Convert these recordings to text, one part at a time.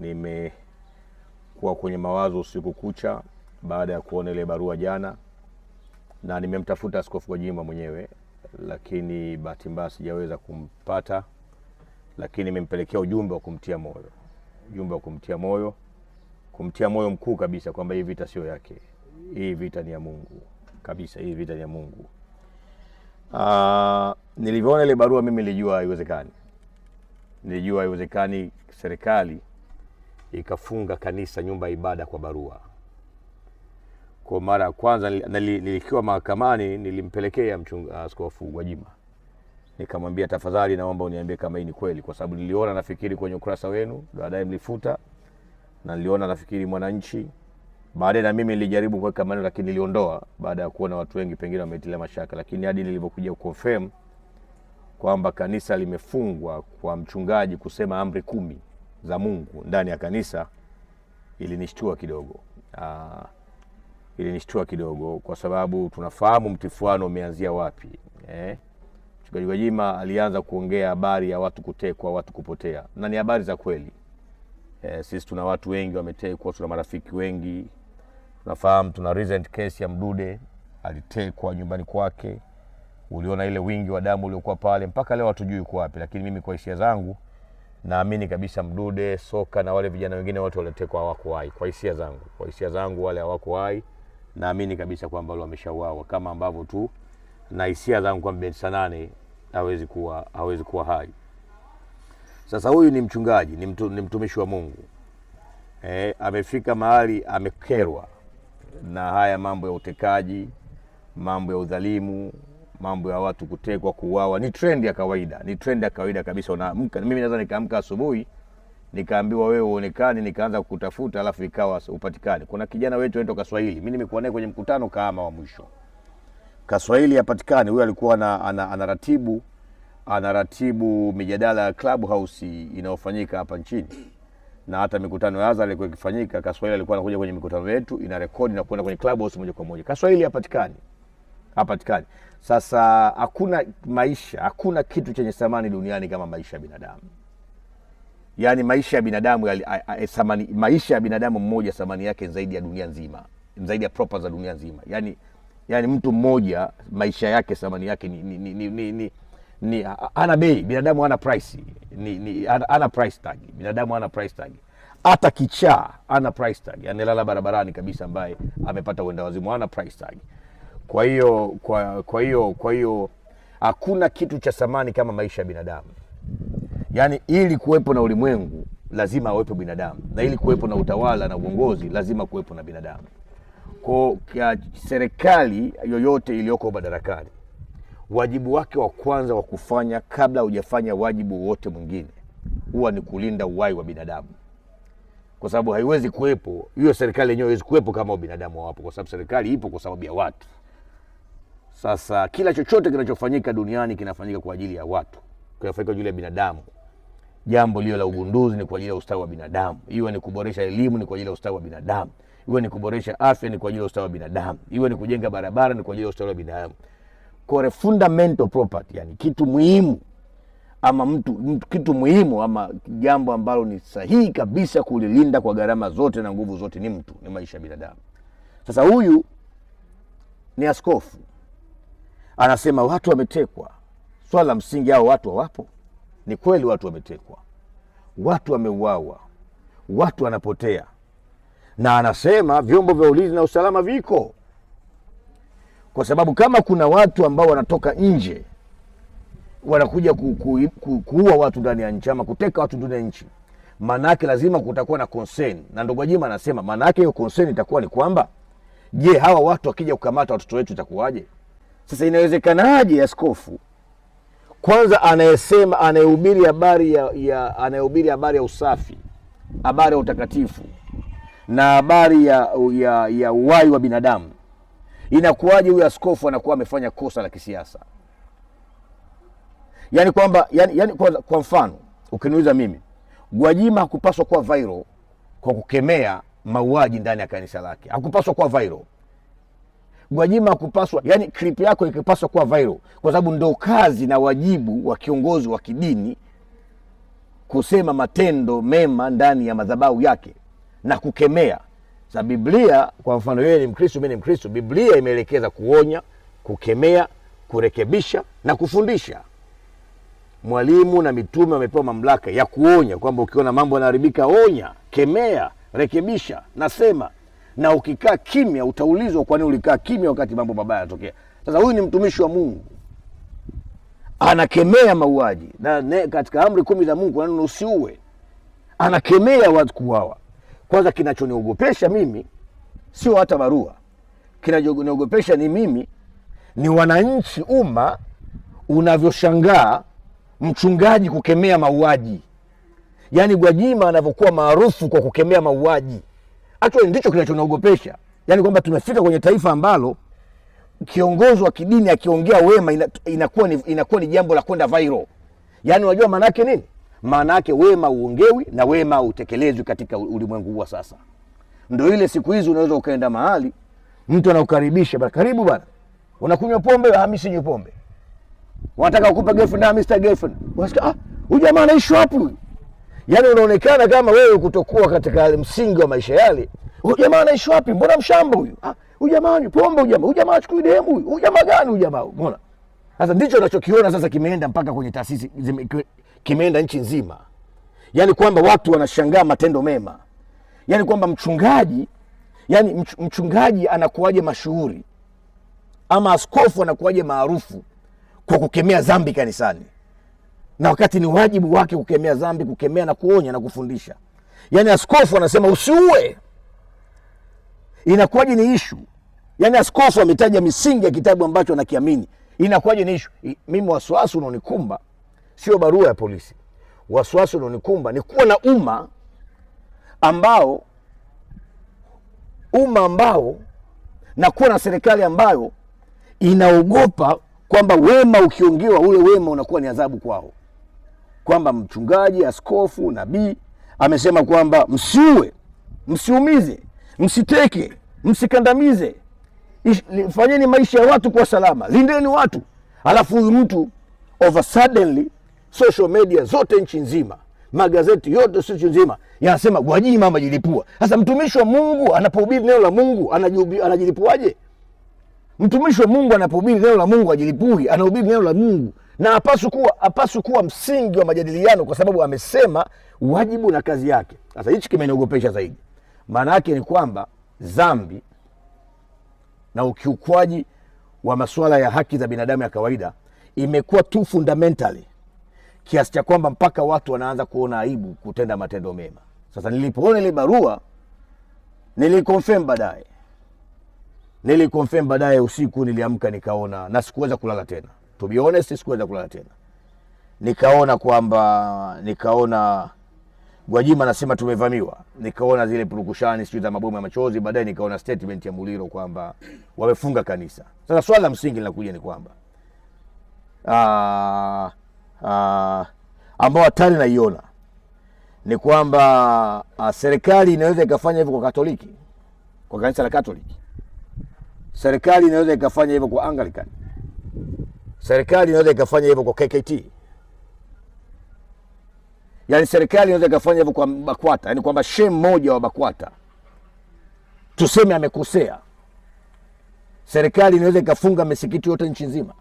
nimekuwa kwenye mawazo usiku kucha baada ya kuona ile barua jana, na nimemtafuta Askofu Gwajima mwenyewe, lakini bahati mbaya sijaweza kumpata, lakini nimempelekea ujumbe wa kumtia moyo, ujumbe wa kumtia moyo, kumtia moyo mkuu kabisa kwamba hii vita sio yake, hii vita ni ya Mungu kabisa, hii vita ni ya Mungu. Uh, nilivyoona ile barua mimi nilijua haiwezekani, nilijua haiwezekani serikali ikafunga kanisa, nyumba ya ibada kwa barua. Kwa mara ya kwanza nilikiwa mahakamani, nilimpelekea mchunga uh, askofu Gwajima nikamwambia, tafadhali, naomba uniambie kama hii ni kweli, kwa sababu niliona nafikiri kwenye ukurasa wenu, baadaye mlifuta, na niliona nafikiri Mwananchi baadaye na mimi nilijaribu kuweka maneno lakini niliondoa baada ya kuona watu wengi pengine wametilia mashaka, lakini hadi nilipokuja kuconfirm kwamba kanisa limefungwa kwa mchungaji kusema amri kumi za Mungu ndani ya kanisa ilinishtua kidogo. Aa, ah, ilinishtua kidogo kwa sababu tunafahamu mtifuano umeanzia wapi eh? Mchungaji Gwajima alianza kuongea habari ya watu kutekwa, watu kupotea, na ni habari za kweli eh. Sisi tuna watu wengi wametekwa, tuna marafiki wengi tunafahamu. Tuna recent case ya Mdude alitekwa nyumbani kwake, uliona ile wingi wa damu uliokuwa pale, mpaka leo hatujui kwa wapi, lakini mimi kwa hisia zangu naamini kabisa Mdude soka na wale vijana wengine wote waliotekwa hawakuwahi, kwa hisia zangu, kwa hisia zangu wale hawakuwahi, naamini kabisa kwamba wale wameshauawa, kama ambavyo tu na hisia zangu kwamba Ben Sanane hawezi kuwa, hawezi kuwa hai. Sasa huyu ni mchungaji, ni, mtu, ni mtumishi wa Mungu e, amefika mahali amekerwa na haya mambo ya utekaji, mambo ya udhalimu mambo ya watu kutekwa, kuuawa ni trend ya kawaida, ni trend ya kawaida kabisa. Unaamka, mimi naweza nikaamka asubuhi nikaambiwa wewe uonekani, nikaanza kukutafuta, alafu ikawa upatikani. Kuna kijana wetu anaitwa Kaswahili, mimi nimekuwa naye kwenye mkutano kama wa mwisho. Kaswahili hapatikani, huyo alikuwa ana, ana, anaratibu anaratibu mijadala ya Clubhouse inayofanyika hapa nchini na hata mikutano ya Azar ilikuwa ikifanyika. Kaswahili alikuwa anakuja kwenye mikutano yetu, ina rekodi na kwenda kwenye Clubhouse moja kwa moja. Kaswahili hapatikani, hapatikani. Sasa hakuna maisha, hakuna kitu chenye thamani duniani kama maisha ya binadamu. Yaani maisha ya binadamu ya, a, a, samani, maisha ya binadamu mmoja thamani yake zaidi ya dunia nzima, zaidi ya propa za dunia nzima. Yaani yaani mtu mmoja maisha yake thamani yake ni, ni, ni, ni, ni, ni ana bei, binadamu ana price, ni, ni ana price tag, binadamu ana price tag hata kichaa ana price tag, anelala yaani barabarani kabisa, ambaye amepata uenda wazimu ana price tag. Kwa hiyo kwa, kwa hiyo kwa hiyo hakuna kitu cha thamani kama maisha ya binadamu. Yaani, ili kuwepo na ulimwengu lazima awepo binadamu, na ili kuwepo na utawala na uongozi lazima kuwepo na binadamu. Kwa serikali yoyote iliyoko madarakani, wajibu wake wa kwanza wa kufanya kabla hujafanya wajibu wote mwingine huwa ni kulinda uhai wa binadamu, kwa sababu haiwezi kuwepo hiyo serikali yenyewe, haiwezi kuwepo kama binadamu hawapo, kwa sababu serikali ipo kwa sababu ya watu. Sasa kila chochote kinachofanyika duniani kinafanyika kwa ajili ya watu, kinafanyika kwa ajili ya binadamu. Jambo lile la ugunduzi ni kwa ajili ya ustawi wa binadamu, iwe ni kuboresha elimu ni kwa ajili ya ustawi wa binadamu, iwe ni kuboresha afya ni kwa ajili ya ustawi wa binadamu, iwe ni kujenga barabara ni kwa ajili ya ustawi wa binadamu. Kore fundamental property, yani kitu muhimu ama mtu, mtu kitu muhimu ama jambo ambalo ni sahihi kabisa kulilinda kwa gharama zote na nguvu zote ni mtu, ni maisha ya binadamu. Sasa huyu ni askofu anasema watu wametekwa. Swala la msingi, hao watu hawapo? Ni kweli watu wametekwa, watu wameuawa, watu wanapotea, na anasema vyombo vya ulinzi na usalama viko, kwa sababu kama kuna watu ambao wanatoka nje wanakuja ku, ku, ku, kuua watu ndani ya nchi ama kuteka watu ndani ya nchi, maanaake lazima kutakuwa na concern. Na ndugu Gwajima anasema maanaake hiyo concern itakuwa ni kwamba, je, hawa watu wakija kukamata watoto wetu itakuwaje? Sasa inawezekanaje askofu kwanza anayesema anayehubiri habari ya, ya anayehubiri habari ya usafi, habari ya utakatifu na habari ya, ya, ya uhai wa binadamu, inakuwaje huyu askofu anakuwa amefanya kosa la kisiasa? Yani kwamba yani, yani kwa, kwa mfano ukiniuliza mimi Gwajima hakupaswa kuwa viral kwa kukemea mauaji ndani ya kanisa lake, hakupaswa kuwa viral Gwajima kupaswa, yani clip yako ikipaswa kuwa viral, kwa sababu ndo kazi na wajibu wa kiongozi wa kidini kusema matendo mema ndani ya madhabahu yake na kukemea. Sa Biblia kwa mfano, yeye ni Mkristo, mimi ni Mkristo, Biblia imeelekeza kuonya, kukemea, kurekebisha na kufundisha. Mwalimu na mitume wamepewa mamlaka ya kuonya, kwamba ukiona mambo yanaharibika, onya, kemea, rekebisha, nasema na ukikaa kimya utaulizwa kwani ulikaa kimya wakati mambo mabaya yanatokea. Sasa huyu ni mtumishi wa Mungu anakemea mauaji na ne, katika amri kumi za Mungu neno usiue, anakemea watu kuuawa. Kwanza, kinachoniogopesha mimi sio hata barua, kinachoniogopesha ni mimi ni wananchi, umma unavyoshangaa mchungaji kukemea mauaji, yaani Gwajima anavyokuwa maarufu kwa kukemea mauaji actually ndicho kinachonaogopesha, yaani kwamba tumefika kwenye taifa ambalo kiongozi wa kidini akiongea wema inakuwa ni, inakuwa ni jambo la kwenda viral. Yaani unajua maana yake nini? Maana yake wema uongewi na wema utekelezwi katika ulimwengu huu sasa. Ndio ile siku hizi unaweza ukaenda mahali mtu anakukaribisha bana, karibu bana, unakunywa pombe? Hamisi ah, nywe pombe. Wanataka kukupa girlfriend? na ah, Mr. girlfriend. Unasikia ah, huyu jamaa anaishi wapi huyu? yani unaonekana kama wewe kutokuwa katika msingi wa maisha yale. Huyu jamaa anaishi wapi? Mbona mshamba huyu? Ah, huyu jamaa ni pombe, huyu jamaa, huyu jamaa achukui demu huyu. Huyu jamaa gani huyu jamaa? Umeona? Sasa ndicho unachokiona sasa kimeenda mpaka kwenye taasisi kimeenda nchi nzima. yani kwamba watu wanashangaa matendo mema. yani kwamba mchungaji, yani mchungaji anakuwaje mashuhuri? Ama askofu anakuwaje maarufu kwa kukemea dhambi kanisani? na wakati ni wajibu wake kukemea dhambi, kukemea na kuonya na kufundisha. Yaani askofu anasema usiue, inakuwaje ni ishu? Yaani askofu ametaja misingi ya kitabu ambacho anakiamini, inakuwaje ni ishu? Mimi wasiwasi unaonikumba sio barua ya polisi, wasiwasi unaonikumba ni kuwa na umma ambao umma ambao na kuwa na serikali ambayo inaogopa kwamba wema ukiongewa ule wema unakuwa ni adhabu kwao kwamba mchungaji, askofu, nabii amesema kwamba msiue, msiumize, msiteke, msikandamize, fanyeni maisha ya watu kwa salama, lindeni watu. Alafu huyu mtu over suddenly, social media zote nchi nzima, magazeti yote nchi nzima yanasema Gwajima amejilipua. Sasa mtumishi wa Mungu anapohubiri neno la Mungu anajilipuaje? Mtumishi wa Mungu anapohubiri neno la Mungu ajilipui, anahubiri neno la Mungu na hapaswi kuwa, hapaswi kuwa msingi wa majadiliano, kwa sababu amesema wajibu na kazi yake. Sasa hichi kimeniogopesha zaidi. Maana yake ni kwamba dhambi na ukiukwaji wa masuala ya haki za binadamu ya kawaida imekuwa tu fundamentally kiasi cha kwamba mpaka watu wanaanza kuona aibu kutenda matendo mema. Sasa nilipoona ile barua nilikonfirm baadaye, nilikonfirm baadaye usiku, niliamka nikaona, na sikuweza kulala tena to be honest, sikuweza kulala tena, nikaona kwamba nikaona Gwajima anasema tumevamiwa, nikaona zile purukushani sijui za mabomu ya machozi, baadaye nikaona statement ya Muliro kwamba wamefunga kanisa. Sasa swala la msingi linakuja ni kwamba ah, ah, ambao hatari naiona ni kwamba ah, serikali inaweza ikafanya hivyo kwa Katoliki, kwa kanisa la Katoliki. Serikali inaweza ikafanya hivyo kwa Anglican Serikali inaweza ikafanya hivyo kwa KKT, yaani serikali inaweza ikafanya hivyo kwa BAKWATA, yaani kwamba shehe mmoja wa BAKWATA tuseme amekosea, serikali inaweza ikafunga misikiti yote nchi nzima.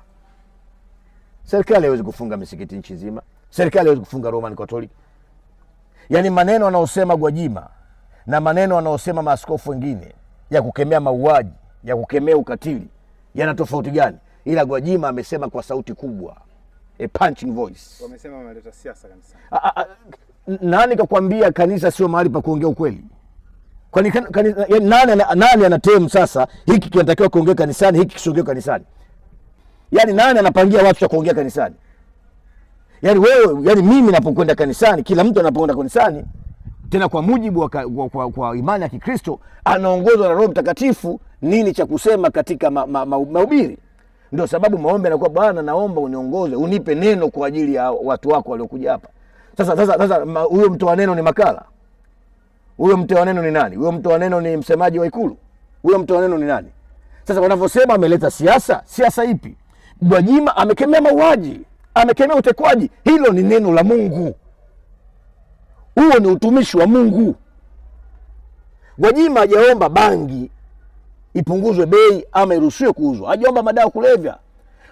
Serikali haiwezi kufunga misikiti nchi nzima, serikali haiwezi kufunga Roman Catholic. Yaani maneno anaosema Gwajima na maneno anaosema maaskofu wengine ya kukemea mauaji, ya kukemea ukatili yana tofauti gani? ila Gwajima amesema kwa sauti kubwa, a punching voice. Wamesema wameleta siasa kanisani. Nani kakwambia kanisa sio mahali pa kuongea ukweli? Kwani nani, nani anatemu sasa, hiki kinatakiwa kuongea kanisani, hiki kisiongee kanisani? Yaani nani anapangia watu cha kuongea kanisani? Yaani wewe, yaani mimi napokwenda kanisani, kila mtu anapokwenda kanisani, tena kwa mujibu wa, kwa, kwa, kwa kwa imani ya Kikristo anaongozwa na Roho Mtakatifu, nini cha kusema katika mahubiri ma, ma, ma, ndio sababu maombi yanakuwa, Bwana, naomba uniongoze, unipe neno kwa ajili ya watu wako waliokuja hapa. Sasa sasa sasa, huyo mtoa neno ni Makala? Huyo mtoa neno ni nani? Huyo mtoa neno ni msemaji wa Ikulu? Huyo mtoa neno ni nani? Sasa wanavyosema ameleta siasa, siasa ipi? Gwajima amekemea mauaji, amekemea utekwaji. Hilo ni neno la Mungu, huo ni utumishi wa Mungu. Gwajima hajaomba bangi ipunguzwe bei ama iruhusiwe kuuzwa. Hajaomba madawa kulevya.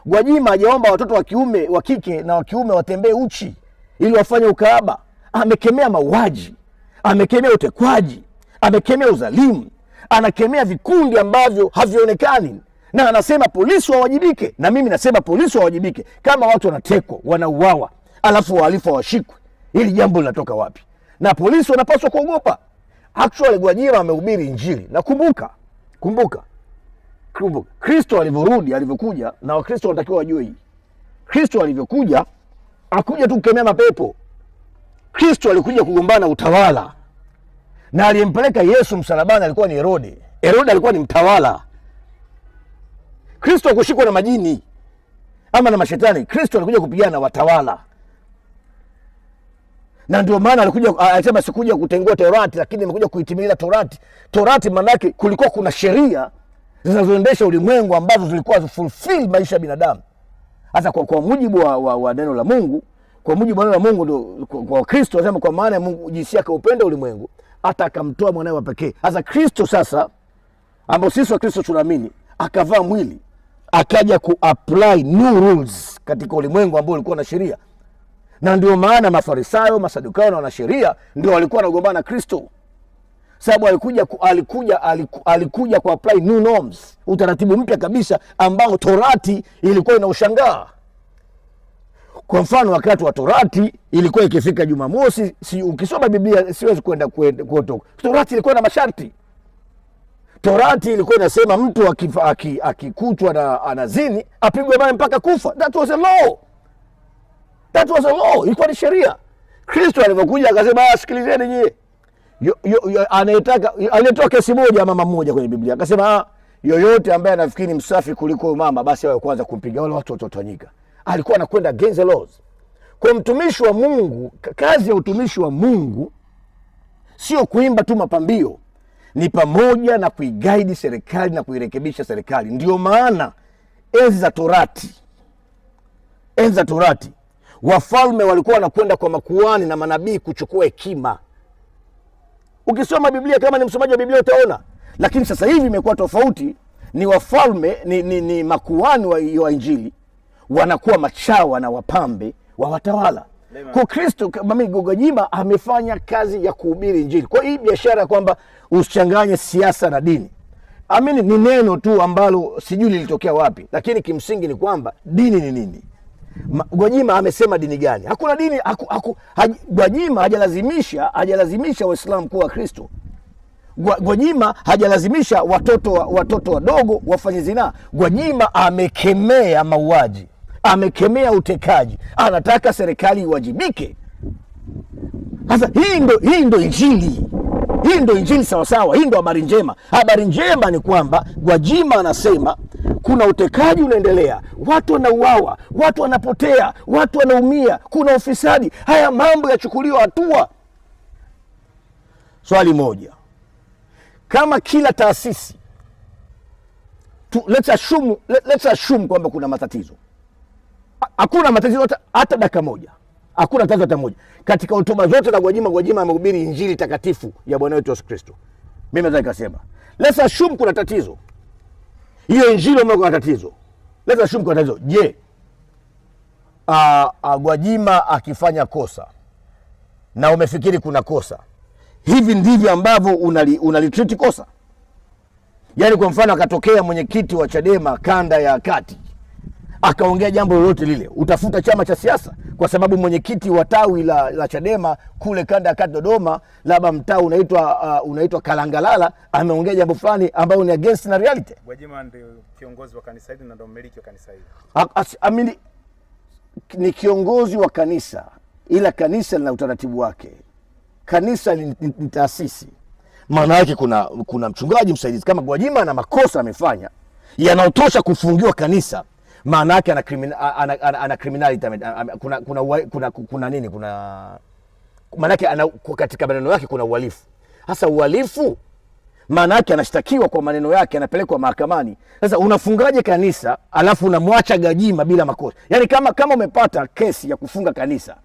Gwajima hajaomba watoto wa kiume, wa kike na wa kiume watembee uchi ili wafanye ukaaba. Amekemea mauaji, amekemea utekwaji, amekemea uzalimu anakemea vikundi ambavyo havionekani na anasema polisi wawajibike. Na mimi nasema polisi wawajibike. Kama watu wanatekwa, wanauawa, alafu wahalifu hawashikwe, hili jambo linatoka wapi? Na polisi wanapaswa kuogopa. Actually, Gwajima amehubiri Injili. Nakumbuka Kumbuka, kumbuka Kristo alivyorudi, alivyokuja, na Wakristo wanatakiwa wajue hii. Kristo alivyokuja akuja tu kukemea mapepo. Kristo alikuja kugombana utawala, na aliyempeleka Yesu msalabani alikuwa ni Herode. Herode alikuwa ni mtawala. Kristo akushikwa na majini ama na mashetani. Kristo alikuja kupigana na watawala na ndio maana alikuja alisema, sikuja kutengua Torati, lakini nimekuja kuitimiliza Torati. Torati maanake kulikuwa kuna sheria zinazoendesha ulimwengu ambazo zilikuwa zifulfil maisha ya binadamu. Hasa kwa, kwa mujibu wa, wa, wa neno la Mungu, kwa mujibu wa neno la Mungu ndio kwa, kwa Kristo anasema, kwa maana ya Mungu jinsi yake upenda ulimwengu hata akamtoa mwanae wa pekee. Hasa Kristo sasa, ambao sisi wa Kristo tunaamini, akavaa mwili akaja kuapply new rules katika ulimwengu ambao ulikuwa na sheria na ndio maana Mafarisayo, Masadukayo na wanasheria ndio walikuwa wanagombana na Kristo, sababu alikuja, alikuja, alikuja, alikuja ku apply new norms, utaratibu mpya kabisa ambao torati ilikuwa inaushangaa. Kwa mfano wakati wa torati ilikuwa ikifika Jumamosi, si ukisoma Biblia siwezi kwenda kuotoka. Torati ilikuwa na masharti. Torati ilikuwa inasema mtu akikutwa aki, aki na anazini apigwe mawe mpaka kufa. That was a law That was a oh, law, ilikuwa ni sheria. Kristo alivyokuja akasema, ah, sikilizeni nyie, anayetaka alitoa kesi moja mama mmoja kwenye Biblia akasema, ah, yoyote ambaye anafikiri msafi kuliko huyo mama basi awe kwanza kumpiga wale watu watotanyika. Alikuwa anakwenda against the laws. Kwa mtumishi wa Mungu, kazi ya utumishi wa Mungu sio kuimba tu mapambio, ni pamoja na kuigaidi serikali na kuirekebisha serikali. Ndio maana enzi za Torati, enzi za Torati Wafalme walikuwa wanakwenda kwa makuani na manabii kuchukua hekima. Ukisoma Biblia, kama ni msomaji wa Biblia utaona. Lakini sasa hivi imekuwa tofauti, ni wafalme ni, ni, ni makuani wa, wa Injili wanakuwa machawa na wapambe wa watawala. Kwa Kristo mami Gogajima amefanya kazi ya kuhubiri Injili. Kwa hii biashara ya kwamba usichanganye siasa na dini, amini, ni neno tu ambalo sijui lilitokea wapi, lakini kimsingi ni kwamba dini ni nini Gwajima amesema dini gani? Hakuna dini haku, haku, haj, Gwajima hajalazimisha hajalazimisha Waislamu kuwa Wakristo. Gwajima hajalazimisha watoto watoto wadogo wafanye zinaa. Gwajima amekemea mauaji, amekemea utekaji, anataka serikali iwajibike. Sasa hii ndo hii ndo Injili, hii ndo Injili sawasawa, hii ndo habari njema. Habari njema ni kwamba Gwajima anasema kuna utekaji unaendelea, watu wanauawa, watu wanapotea, watu wanaumia, kuna ufisadi. Haya mambo yachukuliwa hatua. Swali moja, kama kila taasisi tu, let's assume, let's assume kwamba kuna matatizo. Hakuna matatizo hata dakika moja, hakuna tatizo hata moja. Katika hotuba zote za Gwajima, Gwajima amehubiri Injili takatifu ya Bwana wetu Yesu Kristo. Mimi naweza nikasema let's assume kuna tatizo hiyo injili ambayo kuna tatizo, let's assume kwa tatizo. Je, Gwajima akifanya kosa na umefikiri kuna kosa, hivi ndivyo ambavyo unali, unalitriti kosa? Yaani kwa mfano akatokea mwenyekiti wa Chadema kanda ya kati akaongea jambo lolote lile, utafuta chama cha siasa, kwa sababu mwenyekiti wa tawi la, la Chadema kule kanda ya kati Dodoma, labda mtaa unaitwa uh, unaitwa Kalangalala, ameongea jambo fulani ambayo ni against na reality. Gwajima ndio kiongozi wa kanisa hili na ndio mmiliki wa kanisa hili. Amini ni kiongozi wa kanisa, ila kanisa lina utaratibu wake. Kanisa ni, ni, ni taasisi, maana yake kuna, kuna mchungaji msaidizi. Kama Gwajima ana makosa amefanya yanayotosha kufungiwa kanisa maana yake ana ana criminality, kuna kuna kuna kuna kuna, kuna nini, kuna maana yake ana katika maneno yake kuna uhalifu. Sasa uhalifu maana yake anashtakiwa kwa maneno yake, anapelekwa mahakamani. Sasa unafungaje kanisa alafu unamwacha Gajima bila makosa? Yani kama, kama umepata kesi ya kufunga kanisa,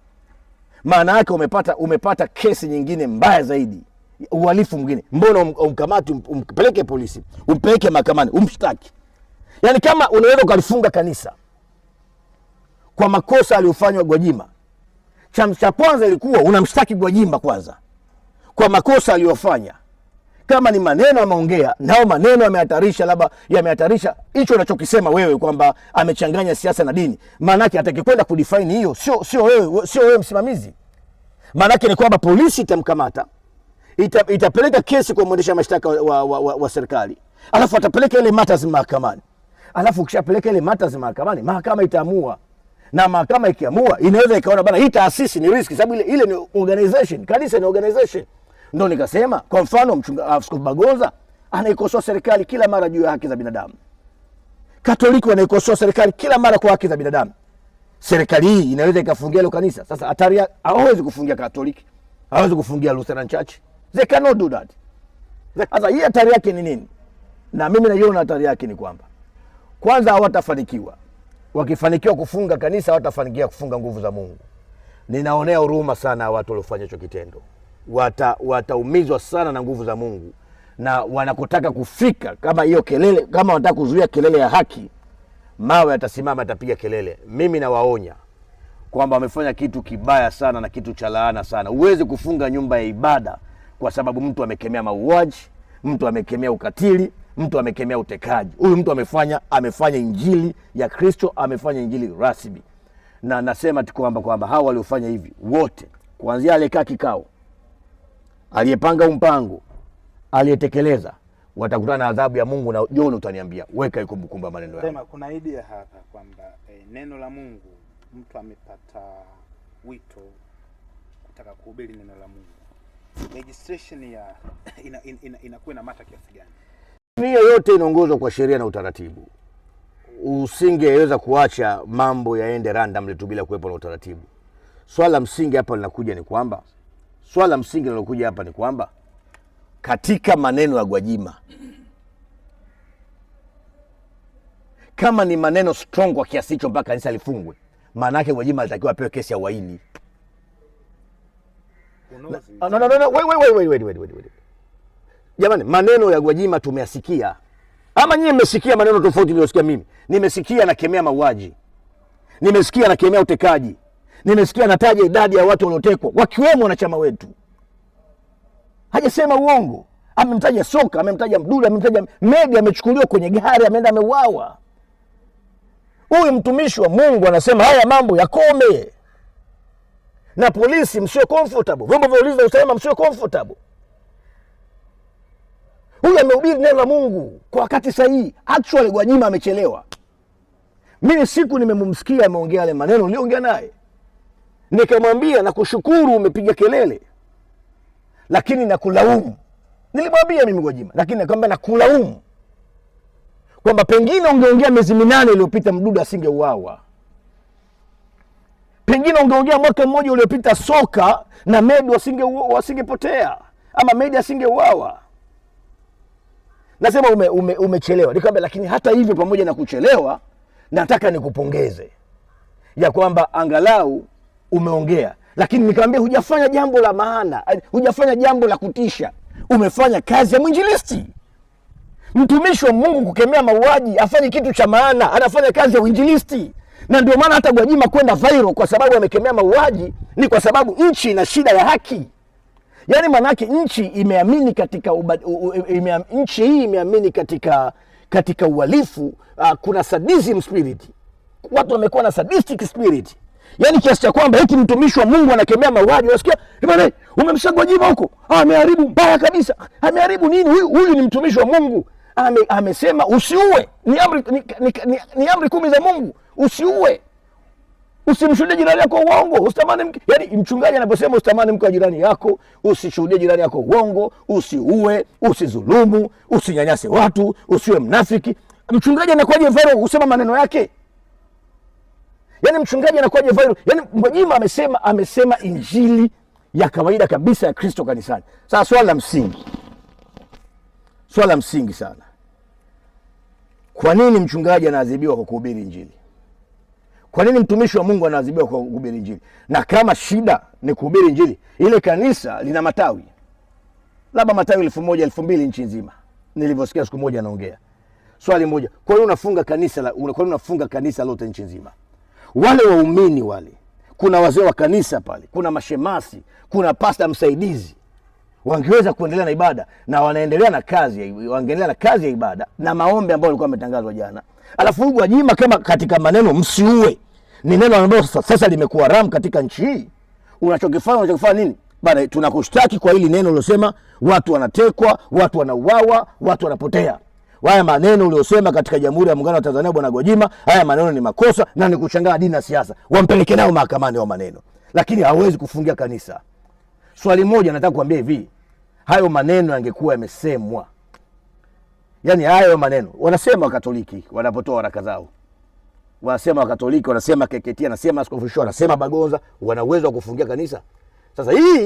maana yake umepata, umepata kesi nyingine mbaya zaidi, uhalifu mwingine. Mbona um, umkamati, um, umpeleke polisi, umpeleke mahakamani, umshtaki. Yaani kama unaweza ukalifunga kanisa kwa makosa aliyofanywa Gwajima, cha kwanza ilikuwa unamshtaki Gwajima kwanza kwa makosa aliyofanya, kama ni maneno ameongea nao, maneno yamehatarisha, labda yamehatarisha hicho unachokisema wewe kwamba amechanganya siasa na dini, maanake atakikwenda kudefine hiyo, sio sio wewe, sio wewe msimamizi. Maanake ni kwamba polisi itamkamata ita, itapeleka kesi kwa mwendesha mashtaka wa, wa, wa, wa serikali, alafu atapeleka ile matters mahakamani alafu ukishapeleka ile matters mahakamani, mahakama itaamua, na mahakama ikiamua, inaweza ikaona bana, hii taasisi ni risk, sababu ile ile ni organization, kanisa ni organization. Ndo nikasema kwa mfano mchunga uh, Askofu Bagonza anaikosoa serikali kila mara juu ya haki za binadamu. Katoliki wanaikosoa serikali kila mara kwa haki za binadamu. Serikali hii inaweza ikafungia ile kanisa. Sasa hatari, hawezi kufungia Katoliki, hawezi kufungia Lutheran Church, they cannot do that. Sasa hii hatari yake ni nini? Na mimi naiona hatari yake ni kwamba kwanza hawatafanikiwa. Wakifanikiwa kufunga kanisa, hawatafanikiwa kufunga nguvu za Mungu. Ninaonea huruma sana watu waliofanya hicho kitendo, wataumizwa wata sana na nguvu za Mungu, na wanakotaka kufika, kama hiyo kelele, kama wanataka kuzuia kelele ya haki, mawe yatasimama, yatapiga kelele. Mimi nawaonya kwamba wamefanya kitu kibaya sana na kitu cha laana sana. Huwezi kufunga nyumba ya ibada kwa sababu mtu amekemea mauaji, mtu amekemea ukatili mtu amekemea utekaji, huyu mtu amefanya amefanya injili ya Kristo, amefanya injili rasmi. Na nasema tu kwamba kwamba hao waliofanya hivi wote, kuanzia aliyekaa kikao, aliyepanga mpango, aliyetekeleza, watakutana na adhabu ya Mungu. Na John, utaniambia weka kumbukumbu maneno yako. Sema kuna idea hapa kwamba eh, neno la Mungu, mtu amepata wito kutaka kuhubiri neno la Mungu, registration ya inakuwa ina, ina, ina, ina mata kiasi gani? Dunia yote inaongozwa kwa sheria na utaratibu. Usingeweza kuacha mambo yaende randomly tu bila kuwepo na utaratibu. Swala msingi hapa linakuja ni kwamba swala msingi linalokuja hapa ni kwamba katika maneno ya Gwajima, kama ni maneno strong kwa kiasi hicho mpaka kanisa lifungwe, maana yake Gwajima alitakiwa apewe kesi ya uhaini. Jamani, maneno ya Gwajima tumeyasikia, ama nyie mmesikia maneno tofauti niliyosikia mimi? Nimesikia nakemea mauaji, nimesikia nakemea utekaji, nimesikia nataja idadi ya watu waliotekwa wakiwemo wanachama wetu. Hajasema uongo, amemtaja Soka, amemtaja Mdude, amemtaja Medi, amechukuliwa kwenye gari, ameenda ameuawa. Huyu mtumishi wa Mungu anasema haya mambo yakome, na polisi msio comfortable, vyombo vya ulinzi na usalama msio comfortable. Huyu amehubiri neno la Mungu kwa wakati sahihi. Actually Gwajima amechelewa. Mimi siku nimemsikia ameongea yale maneno, niliongea naye nikamwambia, nakushukuru umepiga kelele, lakini nakulaumu. Nilimwambia mimi Gwajima, lakini nakwambia nakulaumu kwamba pengine ungeongea miezi minane iliyopita Mdudu asingeuawa, pengine ungeongea mwaka mmoja uliopita Soka na Medi wasingepotea, ama Medi asingeuawa nasema ume, ume, umechelewa. Nikamwambia lakini hata hivyo, pamoja na kuchelewa, nataka nikupongeze ya kwamba angalau umeongea, lakini nikamwambia hujafanya jambo la maana, hujafanya jambo la kutisha, umefanya kazi ya mwinjilisti. Mtumishi wa Mungu kukemea mauaji afanye kitu cha maana, anafanya kazi ya uinjilisti na ndio maana hata Gwajima kwenda viral kwa sababu amekemea mauaji, ni kwa sababu nchi ina shida ya haki. Yaani maanake nchi imeamini katika uba, u, ime, nchi hii imeamini katika katika uhalifu. Uh, kuna sadism spirit, watu wamekuwa na sadistic spirit, yaani kiasi cha kwamba eti mtumishi wa Mungu anakemea mauaji, unasikia bwana, umemshagwa jiva huko, ah, ameharibu mbaya kabisa, ameharibu nini huyu. Huyu ni mtumishi wa Mungu, amesema usiue, ni amri, ni, ni, ni, ni amri kumi za Mungu, usiue. Usimshuhudie jirani yako uongo, usitamani mke. Yaani mchungaji anaposema usitamani mke wa jirani yako, usishuhudie jirani yako uongo, usiue, usizulumu, usinyanyase watu, usiwe mnafiki. Mchungaji anakuwaje viral kusema maneno yake? Yaani mchungaji anakuwaje viral? Yaani Gwajima amesema amesema injili ya kawaida kabisa ya Kristo kanisani. Sasa swala la msingi. Swala la msingi sana. Kwa nini mchungaji anaadhibiwa kwa kuhubiri injili? Kwa nini mtumishi wa Mungu anaadhibiwa kwa kuhubiri Injili? Na kama shida ni kuhubiri Injili, ile kanisa lina matawi labda matawi elfu moja elfu mbili nchi nzima, nilivyosikia siku moja anaongea swali moja. Kwa hiyo unafunga kanisa la, kwa hiyo unafunga kanisa lote nchi nzima? Wale waumini wale, kuna wazee wa kanisa pale, kuna mashemasi, kuna pasta msaidizi, wangeweza kuendelea na ibada na wanaendelea na kazi, wangeendelea na kazi ya ibada na maombi ambayo walikuwa wametangazwa jana Alafu Gwajima kama katika maneno msiue ni neno ambalo sasa limekuwa ramu katika nchi hii, unachokifanya unachokifanya nini bana? Tunakushtaki kwa hili neno uliosema, watu wanatekwa, watu wanauawa, watu wanapotea. Haya maneno uliosema katika Jamhuri ya Muungano wa Tanzania, bwana Gwajima, haya maneno ni makosa na ni kuchanganya dini na siasa. Wampeleke nao mahakamani wa maneno, lakini hawezi kufungia kanisa. Swali moja nataka kuambia hivi, hayo maneno yangekuwa yamesemwa Yaani hayo maneno wanasema Wakatoliki wanapotoa waraka zao, wanasema Wakatoliki, wanasema KKT, anasema Askofu Shoo, anasema Bagonza, wana uwezo wa kufungia kanisa. Sasa hii